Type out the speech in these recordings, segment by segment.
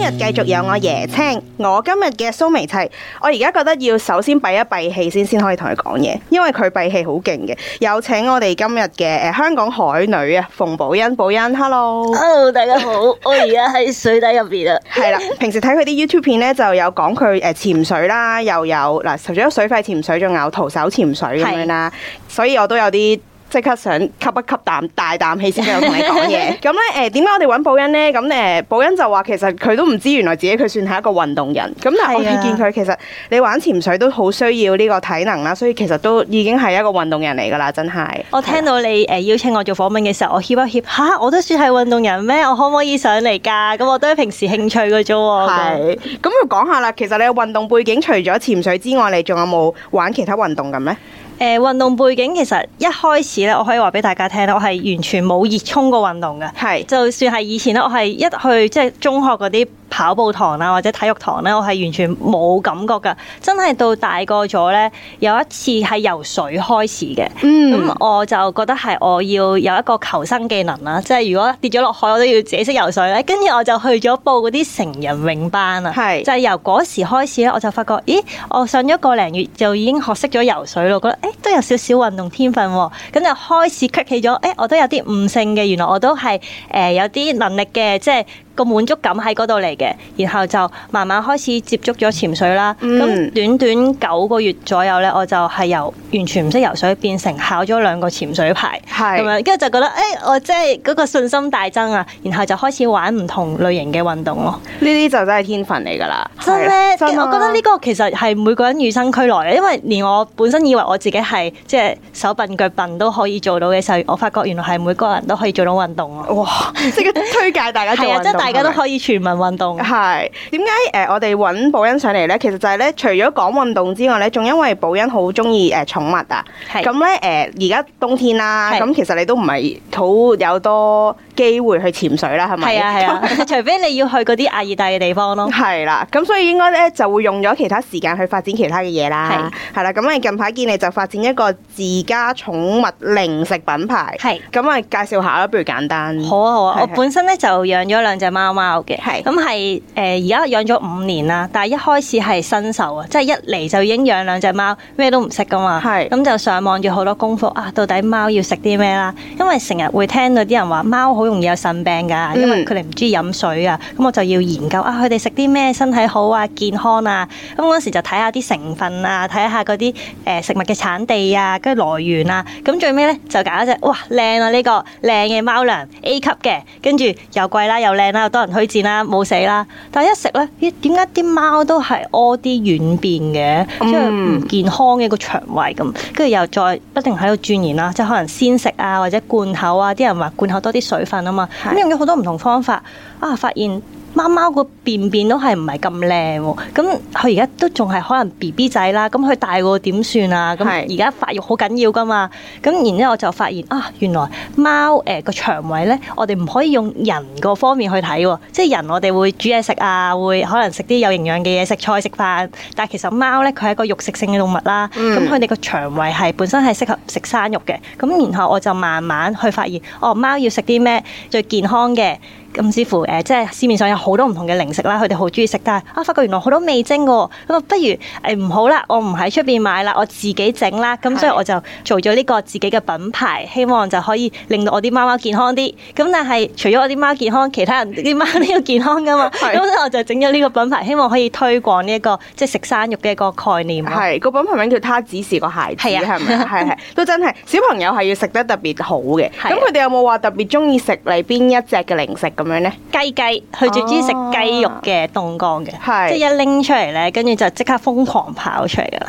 今日繼續有我椰青，我今日嘅蘇眉砌，我而家覺得要首先閉一閉氣先，先可以同佢講嘢，因為佢閉氣好勁嘅。有請我哋今日嘅誒香港海女啊，馮寶欣，寶欣，hello，hello，大家好， 我而家喺水底入邊啊，係 啦，平時睇佢啲 YouTube 片咧，就有講佢誒潛水啦，又有嗱除咗水肺潛水，仲有徒手潛水咁樣啦，的所以我都有啲。即刻想吸一吸啖大啖氣先，再同你講嘢。咁咧，誒點解我哋揾寶欣呢？咁誒，寶欣就話其實佢都唔知，原來自己佢算係一個運動人。咁、啊、但係我見佢其實你玩潛水都好需要呢個體能啦，所以其實都已經係一個運動人嚟噶啦，真係。我聽到你誒邀請我做訪問嘅時候，我協一協嚇，我都算係運動人咩？我可唔可以上嚟㗎？咁我都係平時興趣嘅啫喎。係、啊。佢講下啦，其實你嘅運動背景除咗潛水之外，你仲有冇玩其他運動嘅呢？誒、呃、運動背景，其實一開始我可以話俾大家聽，我係完全冇熱衷過運動嘅。係是，就算係以前我係一去即係中學嗰啲。跑步堂啦、啊，或者體育堂咧、啊，我係完全冇感覺㗎。真係到大個咗咧，有一次係游水開始嘅。嗯，咁、嗯、我就覺得係我要有一個求生技能啦、啊，即係如果跌咗落海，我都要自己識游水咧、啊。跟住我就去咗報嗰啲成人泳班啊，係是就係由嗰時開始咧，我就發覺，咦，我上咗個零月就已經學識咗游水咯，我覺得誒都有少少運動天分喎、啊。咁就開始激起咗，誒我都有啲悟性嘅，原來我都係誒有啲能力嘅，即係。即個滿足感喺嗰度嚟嘅，然後就慢慢開始接觸咗潛水啦。咁、嗯、短短九個月左右呢，我就係由完全唔識游水變成考咗兩個潛水牌，咁啊是，跟住就覺得誒、欸，我即係嗰個信心大增啊！然後就開始玩唔同類型嘅運動咯。呢啲就真係天分嚟噶啦，真咧。我覺得呢個其實係每個人與生俱來嘅，因為連我本身以為我自己係即係手笨腳笨都可以做到嘅時候，我發覺原來係每個人都可以做到運動啊！哇，即刻推介大家嘅 大家都可以全民運動。係點解？誒，我哋揾寶欣上嚟咧，其實就係咧，除咗講運動之外咧，仲因為寶欣好中意誒寵物啊。係咁咧，誒而家冬天啦，咁是其實你都唔係好有多機會去潛水啦，係咪？係啊係啊，啊 除非你要去嗰啲亞熱帶嘅地方咯。係啦，咁所以應該咧就會用咗其他時間去發展其他嘅嘢啦。係是啦，咁啊近排見你就發展一個自家寵物零食品牌。係是，咁啊介紹下啦，不如簡單。好啊好啊，好啊啊我本身咧就養咗兩隻貓貓嘅。係是，咁係誒而家養咗五年啦，但係一開始係新手啊，即係一嚟就已經養兩隻貓，咩都唔識噶嘛。係是，咁就上網要好多功夫啊，到底貓要食啲咩啦？因為成日會聽到啲人話貓好，容易有腎病㗎，嗯、因為佢哋唔中意飲水啊，咁我就要研究啊，佢哋食啲咩身體好啊，健康啊，咁嗰時就睇下啲成分啊，睇下嗰啲誒食物嘅產地啊，跟住來源啊，咁最尾咧就揀一隻，哇靚啊呢、呢個靚嘅貓糧 A 級嘅，跟住又貴啦，又靚啦，又多人推薦啦，冇死啦，但係一食咧，咦點解啲貓都係屙啲軟便嘅，即係唔健康嘅個腸胃咁，跟住又再不停喺度鑽研啦，即係可能鮮食啊或者罐口啊，啲人話罐口多啲水分。啊嘛，咁、嗯、用咗好多唔同方法 啊，發現。貓貓個便便都係唔係咁靚喎？咁佢而家都仲係可能 BB 仔啦，咁佢大個點算啊？咁而家發育好緊要噶嘛？咁是然之後我就發現啊，原來貓誒個腸胃咧，我哋唔可以用人個方面去睇喎，即係人我哋會煮嘢食啊，會可能營養食啲有營養嘅嘢，食菜食飯，但係其實貓咧佢係一個肉食性嘅動物啦，咁佢哋個腸胃係本身係適合食生肉嘅。咁然後我就慢慢去發現，哦，貓要食啲咩最健康嘅？咁、嗯、似乎誒、呃，即係市面上有好多唔同嘅零食啦，佢哋好中意食，但係啊，發覺原來好多味精嘅、欸，不如誒唔好啦，我唔喺出邊買啦，我自己整啦，咁所以我就做咗呢個自己嘅品牌，希望就可以令到我啲貓貓健康啲。咁但係除咗我啲貓健康，其他人啲貓都要健康噶嘛，咁所以我就整咗呢個品牌，希望可以推廣呢、這、一個即係食生肉嘅一個概念。係個 品牌名叫他只是個孩子，係咪啊？係係都真係小朋友係要食得特別好嘅，咁佢哋有冇話特別中意食嚟邊一隻嘅零食？咁樣咧，雞雞佢最中意食雞肉嘅凍乾嘅，啊、即係一拎出嚟咧，跟住就即刻瘋狂跑出嚟噶、嗯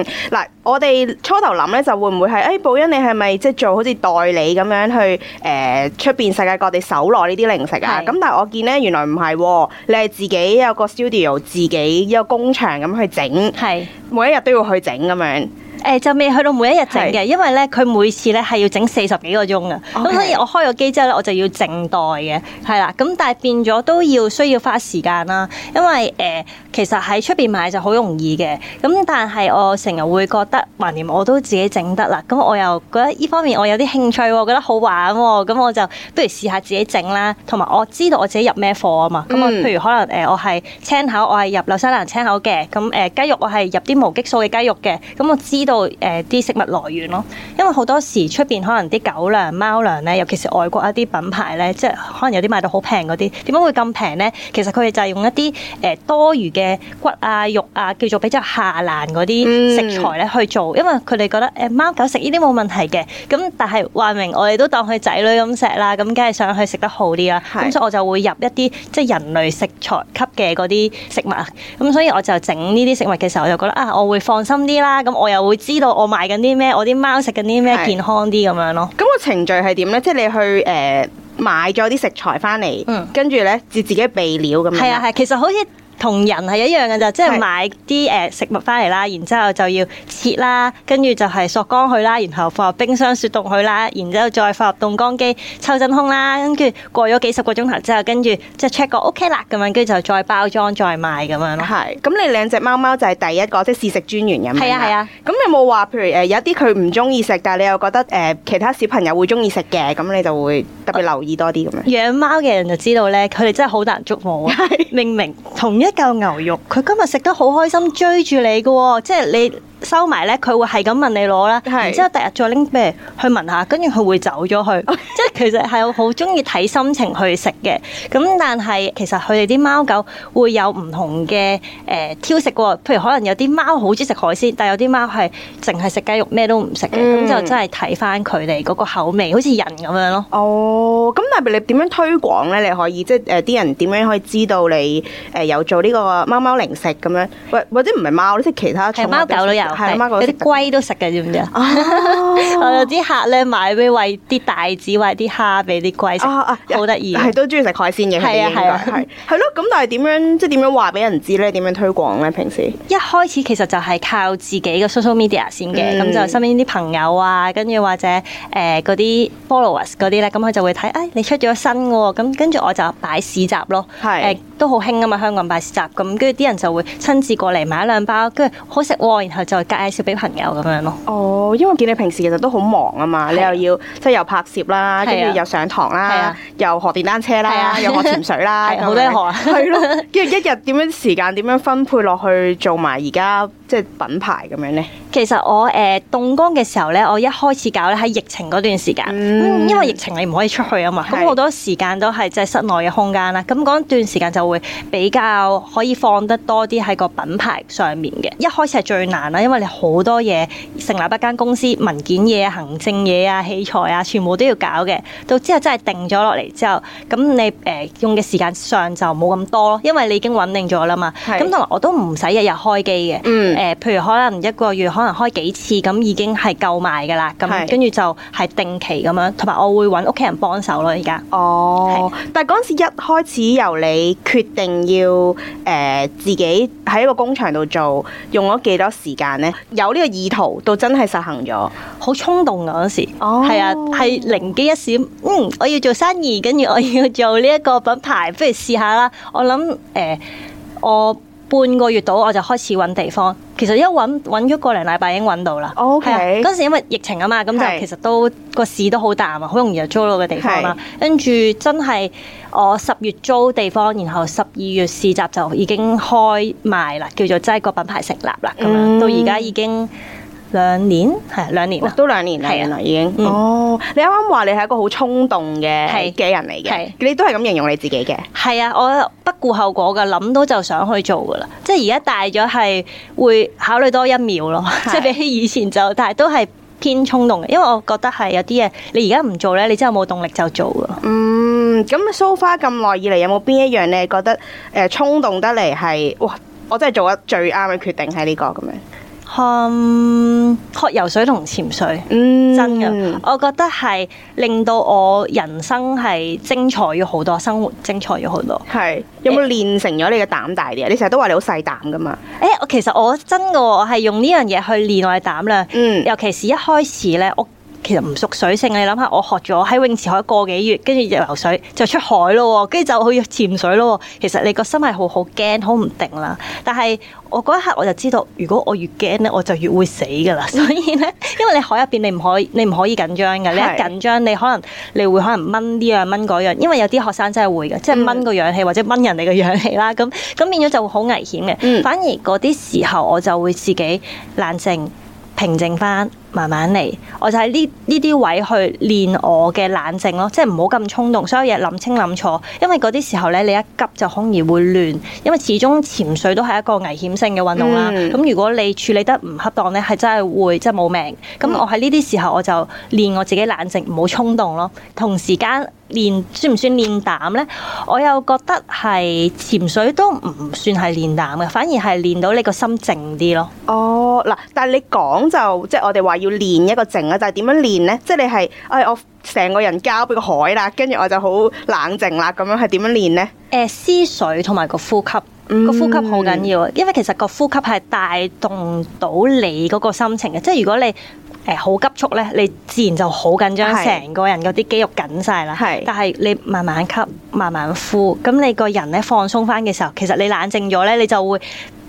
嗯、啦。嗯嗯，嗱，我哋初頭諗咧，就會唔會係誒？哎、寶欣，你係咪即係做好似代理咁樣去誒出邊世界各地搜羅呢啲零食啊？咁是但係我見咧，原來唔係，你係自己有個 studio，自己有個工場咁去整，係是每一日都要去整咁樣。誒、欸、就未去到每一日整嘅，因為咧佢每次咧係要整四十幾個鐘啊，咁所以我開咗機之後咧我就要靜待嘅，係啦，咁但係變咗都要需要花時間啦，因為誒、呃、其實喺出邊買就好容易嘅，咁但係我成日會覺得橫掂我都自己整得啦，咁我又覺得呢方面我有啲興趣、哦，覺得好玩喎、哦，咁我就不如試下自己整啦，同埋我知道我自己入咩貨啊嘛，咁啊譬如可能誒、呃、我係青口，我係入紐西蘭青口嘅，咁誒、呃、雞肉我係入啲無激素嘅雞肉嘅，咁我知到誒啲食物來源咯，因為好多時出邊可能啲狗糧、貓糧咧，尤其是外國一啲品牌咧，即係可能有啲賣到好平嗰啲，點解會咁平咧？其實佢哋就係用一啲誒、呃、多餘嘅骨啊、肉啊，叫做比較下欄嗰啲食材咧去做，因為佢哋覺得誒、呃、貓狗食呢啲冇問題嘅，咁但係話明我哋都當佢仔女咁錫啦，咁梗係想佢食得好啲啦，咁是的 所以我就會入一啲即係人類食材級嘅嗰啲食物，咁所以我就整呢啲食物嘅時候我就覺得啊，我會放心啲啦，咁我又會。知道我買緊啲咩，我啲貓食緊啲咩健康啲咁樣咯。咁個程序係點咧？即係你去誒、呃、買咗啲食材翻嚟，嗯，跟住咧自自己備料咁樣。係啊係，其實好似，同人係一樣嘅就即係買啲誒食物返嚟啦，然之後就要切啦，跟住就係索乾佢啦，然後放入冰箱雪凍佢啦，然之後再放入凍乾機抽真空啦，跟住過咗幾十個鐘頭之後，跟住即係 check 個 O.K. 啦咁樣，跟住就再包裝再賣咁樣咯。係。咁你兩隻貓貓就係第一個即係試食專員咁樣。係啊係啊。咁、啊、有冇話譬如誒有啲佢唔中意食，但係你又覺得誒、呃、其他小朋友會中意食嘅，咁你就會特別留意多啲咁樣。養貓嘅人就知道咧，佢哋真係好難捉摸、啊、 明明，明同一？一嚿牛肉，佢今日食得好開心，追住你噶、哦，即係你。收埋咧，佢會係咁問你攞啦是，然之後第日再拎咩去聞下，跟住佢會走咗去。即係其實係好中意睇心情去食嘅。咁但係其實佢哋啲貓狗會有唔同嘅誒、呃、挑食喎、哦。譬如可能有啲貓好中意食海鮮，但係有啲貓係淨係食雞肉，咩都唔食嘅。咁就、嗯、真係睇翻佢哋嗰個口味，好似人咁樣咯。哦，咁、哦、但係你點樣推廣咧？你可以即係誒啲人點樣可以知道你誒有做呢個貓貓零食咁樣？或或者唔係貓，即係其他係貓狗都有。係，啲龜 都食嘅，知唔知啊？ 我有啲客咧買俾餵啲帶子，餵啲蝦俾啲龜食，好得意。係都中意食海鮮嘅。係啊係啊係。係咯，咁但係點樣即係點樣話俾人知咧？點樣推廣咧？平時一開始其實就係靠自己嘅 social media 先嘅，咁就、嗯嗯、身邊啲朋友啊，跟住或者誒嗰啲 followers 嗰啲咧，咁、呃、佢就會睇誒、哎、你出咗新喎，咁跟住我就擺市集咯，誒是、欸、都好興啊嘛，香港擺市集，咁跟住啲人就會親自過嚟買一兩包，跟住好食喎、啊，然後就。介紹俾朋友咁樣對咯。哦，因為見你平時其實都好忙啊嘛，是的 你又要即係又拍攝啦，跟住是的 又上堂啦，是的 又學電單車啦，是的 又學潛水啦，好多嘢學啊。係 咯，跟住一日點樣時間點樣分配落去做埋而家。即係品牌咁樣呢？其實我誒凍幹乾嘅時候呢，我一開始搞呢，喺疫情嗰段時間，嗯、因為疫情你唔可以出去啊嘛，咁好是多時間都係即係室內嘅空間啦。咁、那、嗰、個、段時間就會比較可以放得多啲喺個品牌上面嘅。一開始係最難啦，因為你好多嘢成立一間公司，文件嘢、行政嘢啊、器材啊，全部都要搞嘅。到之後真係定咗落嚟之後，咁你誒、呃、用嘅時間上就冇咁多咯，因為你已經穩定咗啦嘛。咁同埋我都唔使日日開機嘅。嗯誒、呃，譬如可能一個月可能開幾次，咁已經係夠賣嘅啦。咁跟住就係定期咁樣，同埋我會揾屋企人幫手咯。而家哦，是但係嗰陣時一開始由你決定要誒、呃、自己喺一個工場度做，用咗幾多時間呢？有呢個意圖到真係實行咗，好衝動嘅嗰時。哦，係啊，係靈機一閃，嗯，我要做生意，跟住我要做呢一個品牌，不如試下啦。我諗誒、呃，我。半個月到我就開始揾地方，其實一揾揾咗個零禮拜已經揾到啦。OK，嗰陣、啊、時因為疫情啊嘛，咁就其實都個是市都好淡啊，好容易就租到嘅地方啦。跟住是真係我十月租地方，然後十二月市集就已經開賣啦，叫做即係個品牌成立啦咁樣，嗯、到而家已經。兩年係兩年、哦、都兩年啦，原來的已經。嗯、哦，你啱啱話你係一個好衝動嘅嘅人嚟嘅，係的你都係咁形容你自己嘅。係啊，我不顧後果噶，諗到就想去做噶啦。即係而家大咗，係會考慮多一秒咯。的即係比起以前就，但係都係偏衝動嘅，因為我覺得係有啲嘢，你而家唔做咧，你真係冇動力就做噶。嗯，咁 so far 咁耐以嚟，有冇邊一樣你係覺得誒、呃、衝動得嚟係哇？我真係做咗最啱嘅決定喺呢、這個咁樣。Um, 學游水同潛水，嗯、真噶，我覺得係令到我人生係精彩咗好多，生活精彩咗好多。係有冇練成咗你嘅膽大啲啊？欸、你成日都話你好細膽噶嘛？誒、欸，我其實我真噶，我係用呢樣嘢去練我嘅膽量。嗯，尤其是一開始咧，我。其實唔熟水性嘅，你諗下，我學咗喺泳池海個幾月，跟住就游水，就出海咯，跟住就去潛水咯。其實你個心係好好驚，好唔定啦。但係我嗰一刻我就知道，如果我越驚咧，我就越會死噶啦。所以咧，因為你海入邊，你唔可以，你唔可以緊張嘅。你一緊張，你可能你會可能掹呢樣掹嗰樣，因為有啲學生真係會嘅，即係掹個氧氣或者掹人哋嘅氧氣啦。咁咁變咗就會好危險嘅。反而嗰啲時候，我就會自己冷靜平靜翻。慢慢嚟，我就喺呢呢啲位去練我嘅冷靜咯，即係唔好咁衝動，所有嘢諗清諗楚，因為嗰啲時候咧，你一急就空而會亂，因為始終潛水都係一個危險性嘅運動啦。咁、嗯、如果你處理得唔恰當咧，係真係會即係冇命。咁我喺呢啲時候我就練我自己冷靜，唔好衝動咯，同時間。練算唔算練膽呢？我又覺得係潛水都唔算係練膽嘅，反而係練到你個心靜啲咯。哦，嗱，但係你講就即、是、係我哋話要練一個靜啊，就係點樣練呢？即係你係誒、哎、我成個人交俾個海啦，跟住我就好冷靜啦，咁樣係點樣練呢？誒、呃，思緒同埋個呼吸，個、嗯、呼吸好緊要，因為其實個呼吸係帶動到你嗰個心情嘅。嗯、即係如果你好急促呢，你自然就好緊張，成是的 個人嗰啲肌肉緊晒啦。是的 但係你慢慢吸，慢慢呼，咁你個人呢，放鬆翻嘅時候，其實你冷靜咗呢，你就會。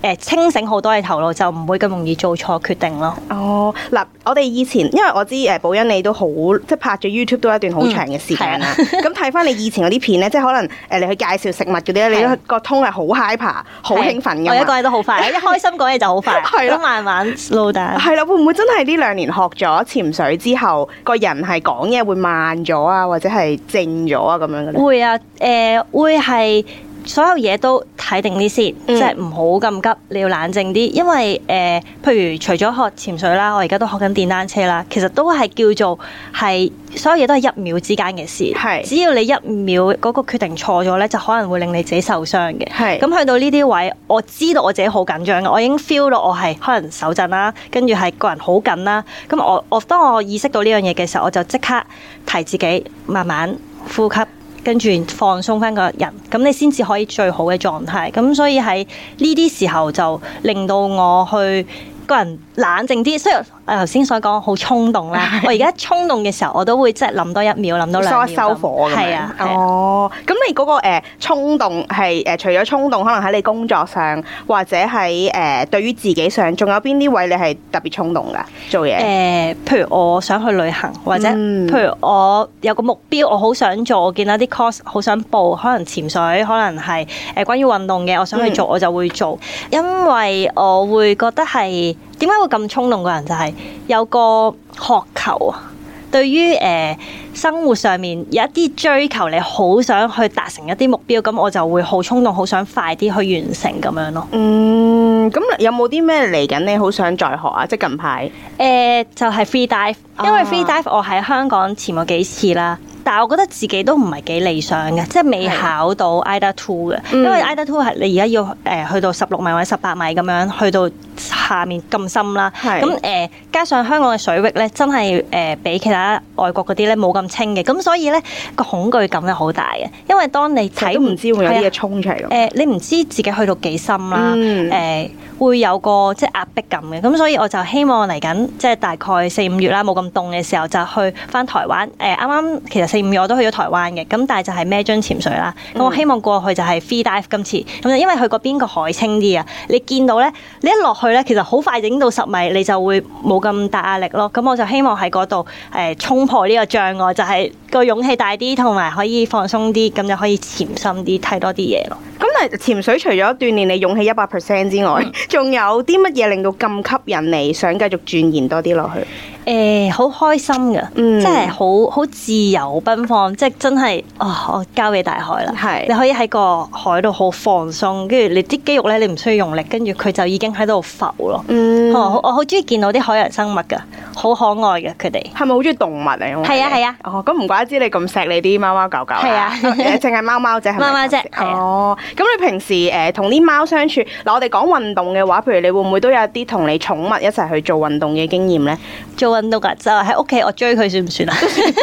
誒，清醒好多嘅頭腦，就唔會咁容易做錯決定咯。哦，嗱，我哋以前因為我知誒，寶欣你都好即係拍咗 YouTube 都一段好長嘅時間啦。咁睇翻你以前嗰啲片咧，即係可能誒你去介紹食物嗰啲咧，的你個通係好 hyper，好興奮㗎嘛。我講嘢都好快，的一開心講嘢就好快，唔得 的慢慢 slow down。係啦，會唔會真係呢兩年學咗潛水之後，個人係講嘢會慢咗啊，或者係靜咗啊咁樣嘅咧？會啊，誒、呃、會係。所有嘢都睇定啲先，嗯、即係唔好咁急，你要冷靜啲。因為誒、呃、譬如除咗學潛水啦，我而家都學緊電單車啦，其實都係叫做係所有嘢都係一秒之間嘅事。係是，只要你一秒嗰個決定錯咗咧，就可能會令你自己受傷嘅。係咁是去到呢啲位，我知道我自己好緊張嘅，我已經 feel 到我係可能手震啦，跟住係個人好緊啦。咁我我當我意識到呢樣嘢嘅時候，我就即刻提自己慢慢呼吸。跟住放鬆返個人，咁你先至可以最好嘅狀態。咁所以喺呢啲時候，就令到我去個人冷靜啲，雖然我頭先所講好衝動啦。 我而家衝動嘅時候，我都會即係諗多一秒，諗多兩秒。收火咁樣係啊，啊哦。咁你嗰、嗰個誒、呃、衝動係、呃、除咗衝動，可能喺你工作上或者係誒、呃、對於自己上，仲有邊啲位你係特別衝動噶？做嘢。誒、呃，譬如我想去旅行，或者、嗯、譬如我有個目標，我好想做，我見到啲 course 好想報，可能潛水，可能係誒關於運動嘅，我想去做，我就會做，嗯、因為我會覺得係。點解會咁衝動？個人就係、是、有個渴求啊，對於誒、呃、生活上面有一啲追求，你好想去達成一啲目標，咁我就會好衝動，好想快啲去完成咁樣咯。嗯，咁有冇啲咩嚟緊？你好想再學啊？即係近排誒、呃，就係、是、free dive，因為 free dive 我喺香港潛過幾次啦。啊但係我覺得自己都唔係幾理想嘅，即係未考到 IDA TWO 嘅。嗯、因為 IDA TWO 係你而家要誒、呃、去到十六米或者十八米咁樣去到下面咁深啦。咁誒是、嗯呃、加上香港嘅水域咧，真係誒、呃、比其他外國嗰啲咧冇咁清嘅，咁所以咧個恐懼感就好大嘅。因為當你睇唔知會有啲嘢衝出嚟。誒、呃、你唔知自己去到幾深啦、啊。誒、嗯呃、會有個即係壓迫感嘅。咁、嗯、所以我就希望嚟緊即係大概四五月啦，冇咁凍嘅時候就去翻台灣誒啱啱其實。四五月我都去咗台灣嘅，咁但係就係孭樽潛水啦。咁、嗯、我希望過去就係 free dive。今次咁就因為去嗰邊個海清啲啊，你見到呢，你一落去呢，其實好快整到十米，你就會冇咁大壓力咯。咁我就希望喺嗰度誒衝破呢個障礙，就係、是、個勇氣大啲，同埋可以放鬆啲，咁就可以潛深啲睇多啲嘢咯。咁誒，潛水除咗鍛鍊你勇氣一百 percent 之外，仲有啲乜嘢令到咁吸引你，想繼續鑽研多啲落去？誒，好開心㗎，即係好好自由奔放，即係真係哦，我交俾大海啦。係，你可以喺個海度好放鬆，跟住你啲肌肉咧，你唔需要用力，跟住佢就已經喺度浮咯。嗯，我好中意見到啲海洋生物噶，好可愛嘅佢哋。係咪好中意動物嚟？係啊係啊。咁唔怪得之，你咁錫你啲貓貓狗狗。係啊，淨係貓貓仔。貓貓仔。哦，咁你平時誒同啲貓相處，嗱我哋講運動嘅話，譬如你會唔會都有啲同你寵物一齊去做運動嘅經驗咧？做。搵到噶就喺屋企，我追佢算唔算啊？即係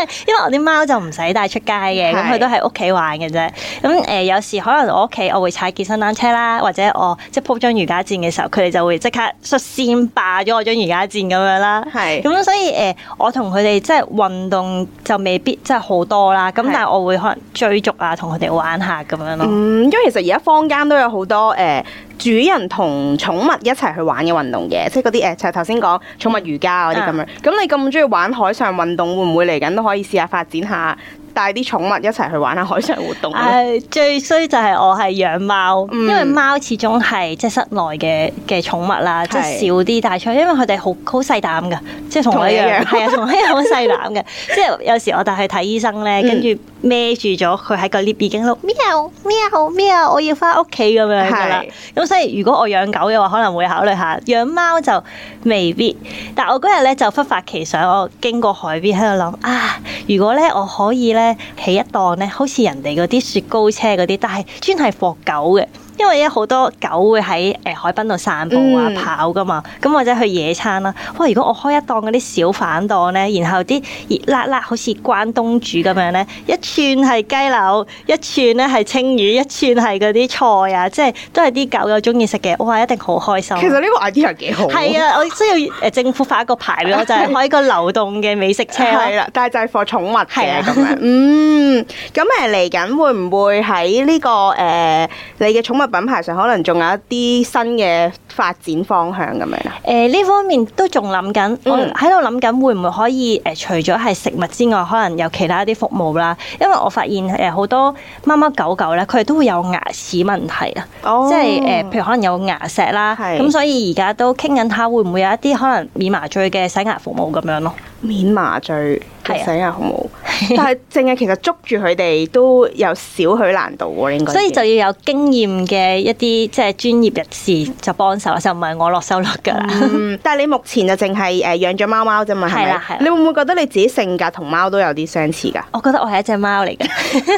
因為我啲貓就唔使帶出街嘅，咁佢 都喺屋企玩嘅啫。咁誒、呃，有時可能我屋企我會踩健身單車啦，或者我即係鋪張瑜伽墊嘅時候，佢哋就會即刻率先霸咗我張瑜伽墊咁樣啦。係咁，所以誒、呃，我同佢哋即係運動就未必即係好多啦。咁但係我會可能追逐啊，同佢哋玩下咁樣咯。嗯，因為其實而家坊間都有好多誒。呃主人同寵物一齊去玩嘅運動嘅，即係嗰啲誒，就係頭先講寵物瑜伽嗰啲咁樣。咁、嗯、你咁中意玩海上運動，會唔會嚟緊都可以試下發展下？帶啲寵物一齊去玩下海上活動咧。Uh, 最衰就係我係養貓，嗯、因為貓始終係即係室內嘅嘅寵物啦，是即係少啲帶出去，因為佢哋好好細膽嘅，即係同我一樣，係啊，同我一樣好細膽嘅。 即係有時我帶去睇醫生咧，跟住孭住咗佢喺個 lift 已經碌、嗯、喵喵喵，我要返屋企咁樣噶啦。咁是所以如果我養狗嘅話，可能會考慮下養貓就未必。但我嗰日咧就忽發奇想，我經過海邊喺度諗啊，如果咧我可以咧。啊起一檔咧，好似人哋嗰啲雪糕車嗰啲，但係專係伏狗嘅。因為咧好多狗會喺誒海濱度散步啊、跑㗎嘛，咁或者去野餐啦、啊。哇！如果我開一檔嗰啲小販檔咧，然後啲熱辣辣好似關東煮咁樣咧，一串係雞柳，一串咧係青魚，一串係嗰啲菜啊，即係都係啲狗有中意食嘅。哇！一定好開心、啊。其實呢個 idea 幾好。係啊，我需要誒政府發一個牌咯， 就係開一個流動嘅美食車。係啦， 但係就係放寵物嘅咁樣。嗯，咁誒嚟緊會唔會喺呢、這個誒、呃、你嘅寵物品牌上可能仲有一啲新嘅發展方向咁樣啦。誒呢、呃、方面都仲諗緊，嗯、我喺度諗緊會唔會可以誒、呃、除咗係食物之外，可能有其他一啲服務啦。因為我發現誒好、呃、多貓貓狗狗咧，佢哋都會有牙齒問題啊，哦、即係誒、呃、譬如可能有牙石啦，咁是、嗯、所以而家都傾緊下會唔會有一啲可能免麻醉嘅洗牙服務？咁樣咯。免麻醉。係啊，好冇。但係淨係其實捉住佢哋都有少許難度喎，應該。所以就要有經驗嘅一啲即係專業人士就幫手啦，就唔、是、係我落手落腳啦。但係你目前就淨係誒養咗貓貓啫嘛，係咪？你會唔會覺得你自己性格同貓都有啲相似噶？我覺得我係一隻貓嚟嘅。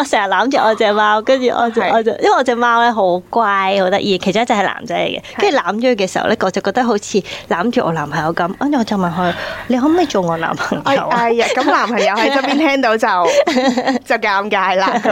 我成日攬住我隻貓，跟住我就的我就，因為我隻貓咧好乖好得意，其中一隻係男仔嚟嘅，跟住攬咗佢嘅時候咧，我就覺得好似攬住我男朋友咁，跟、哎、住我就問佢：你可唔可以做我男朋友，啊、哎呀、咁、哎、男朋友喺側邊聽到就 就尷尬啦。咁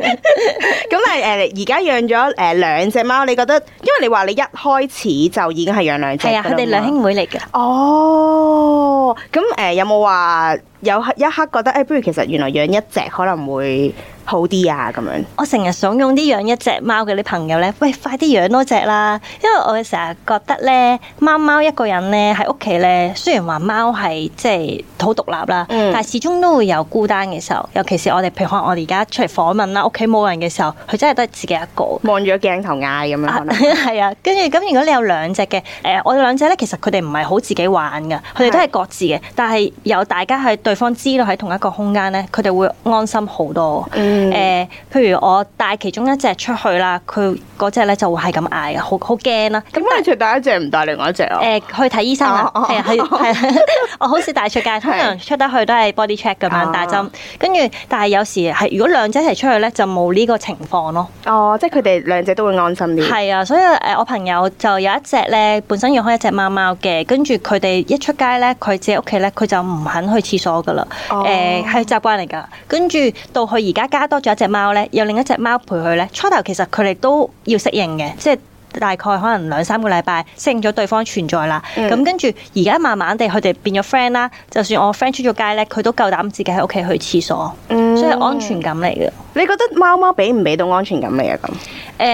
啊，誒，而家養咗誒兩隻貓，你覺得？因為你話你一開始就已經係養兩隻。係啊，佢哋兩兄妹嚟嘅。哦，咁誒，有冇話？有一刻覺得誒，不、欸、如其實原來養一隻可能會好啲啊咁樣。我成日想用啲養一隻貓嘅啲朋友咧，喂，快啲養多隻啦！因為我成日覺得咧，貓貓一個人咧喺屋企咧，雖然話貓係即係好獨立啦，嗯、但係始終都會有孤單嘅時候。尤其是我哋，譬如我哋而家出嚟訪問啦，屋企冇人嘅時候，佢真係都係自己一個，望住鏡頭嗌咁樣 可能、啊。係啊，跟住咁，如果你有兩隻嘅，誒、呃，我哋兩隻咧，其實佢哋唔係好自己玩噶，佢哋都係各自嘅，但係有大家係對 對方知道喺同一個空間咧，佢哋會安心好多。誒、嗯呃，譬如我帶其中一隻出去啦，佢嗰隻咧就會係咁嗌，好好驚啦。咁帶出帶一隻唔帶另外一隻、呃、啊？誒、哦，去睇醫生啦。係係，我好少帶出街，通常出得去都係 body check 咁樣打針。跟住、哦，但係有時係如果兩隻一齊出去咧，就冇呢個情況咯。哦，即係佢哋兩隻都會安心啲。係、嗯、啊，所以誒，我朋友就有一隻咧，本身養開一隻貓貓嘅，跟住佢哋一出街咧，佢自己屋企咧，佢就唔肯去廁所。噶啦，誒係、oh. 嗯、習慣嚟噶，跟住到佢而家加多咗一隻貓呢，有另一隻貓陪佢呢。初頭其實佢哋都要適應嘅，即係大概可能兩三個禮拜適應咗對方存在啦，咁跟住而家慢慢地佢哋變咗 friend 啦，就算我 friend 出咗街呢，佢都夠膽自己喺屋企去廁所，mm. 所以係安全感嚟嘅。Mm. 你覺得貓貓俾唔俾到安全感嚟啊？咁誒。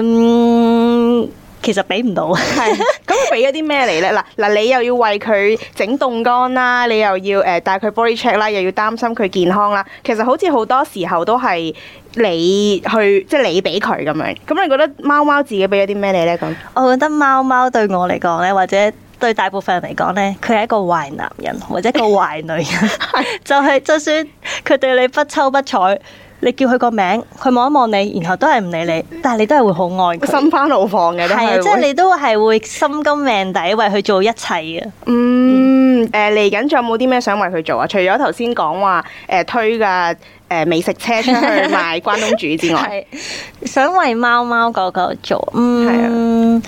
Um, 其實俾唔到，係咁俾咗啲咩嚟咧？嗱嗱，你又要為佢整凍乾啦，你又要誒帶佢 body check 啦，又要擔心佢健康啦。其實好似好多時候都係你去，即係你俾佢咁樣。咁你覺得貓貓自己俾咗啲咩你咧？咁我覺得貓貓對我嚟講咧，或者對大部分人嚟講咧，佢係一個壞男人或者一個壞女人， 就係就算佢對你不瞅不睬。你叫佢個名，佢望一望你，然後都係唔理你，但係你都係會好愛佢，心花怒放嘅，係啊，即係你都係會心甘命抵為佢做一切啊！嗯，誒嚟緊仲有冇啲咩想為佢做啊？除咗頭先講話誒推噶誒、呃、美食車出去賣關東煮之外， 想為貓貓狗狗做，嗯。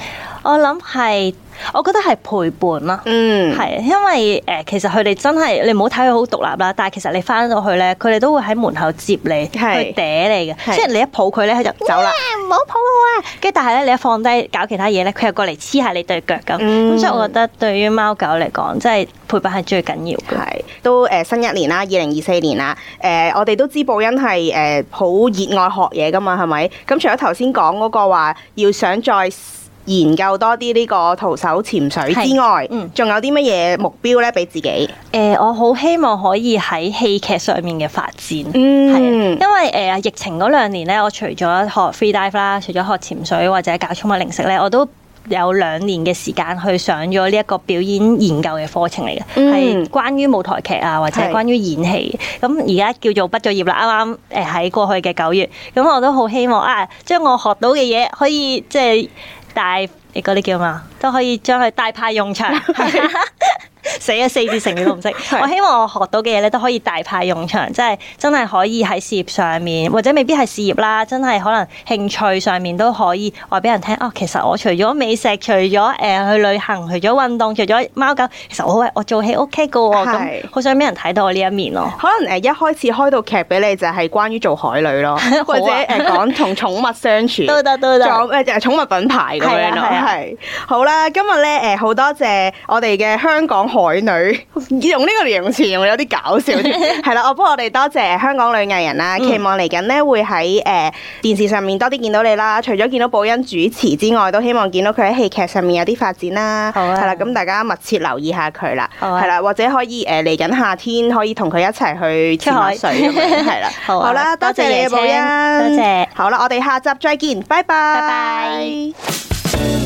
我諗係，我覺得係陪伴咯。嗯，係，因為誒，其實佢哋真係，你唔好睇佢好獨立啦。但係其實你翻到去咧，佢哋都會喺門口接你，是去嗲你嘅。即係是你一抱佢咧，佢就走啦。唔好、啊、抱我啊！跟住但係咧，你一放低搞其他嘢咧，佢又過嚟黐下你對腳咁。咁、嗯、所以，我覺得對於貓狗嚟講，真係陪伴係最緊要嘅。係都誒、呃、新一年啦，二零二四年啦。誒、呃，我哋都知寶欣係誒好熱愛學嘢噶嘛，係咪？咁除咗頭先講嗰個話，要想再。研究多啲呢個徒手潛水之外，嗯，仲有啲乜嘢目標呢？俾自己誒、呃，我好希望可以喺戲劇上面嘅發展，嗯，係，因為誒、呃、疫情嗰兩年呢，我除咗學 free dive 啦，除咗學潛水或者搞寵物零食呢，我都有兩年嘅時間去上咗呢一個表演研究嘅課程嚟嘅，係、嗯、關於舞台劇啊，或者關於演戲。咁而家叫做畢咗業啦，啱啱誒喺過去嘅九月，咁我都好希望啊，將我學到嘅嘢可以即係。大，你嗰啲叫咩？都可以將佢大派用場。 死咗四字成語，都唔識。我希望我學到嘅嘢咧都可以大派用場，即係真係可以喺事業上面，或者未必係事業啦，真係可能興趣上面都可以話俾人聽。哦，其實我除咗美食，除咗誒去旅行，除咗運動，除咗貓狗，其實我我做戲 OK 嘅喎，好是想俾人睇到我呢一面咯。可能誒一開始開到劇俾你就係關於做海女咯， 啊、或者誒講同寵物相處，做誒就係寵物品牌咁樣咯。係，好啦，今日咧誒好多謝我哋嘅香港海女，用呢個名詞，有啲搞笑啲。係啦，我幫我哋多謝香港女藝人啦，期望嚟緊呢會喺誒電視上面多啲見到你啦。除咗見到寶欣主持之外，都希望見到佢喺戲劇上面有啲發展啦。係啦，咁大家密切留意下佢啦。係啦，或者可以誒嚟緊夏天可以同佢一齊去潛水。係啦，好啦，多謝你啊，寶欣，多謝。好啦，我哋下集再見，拜拜，拜拜。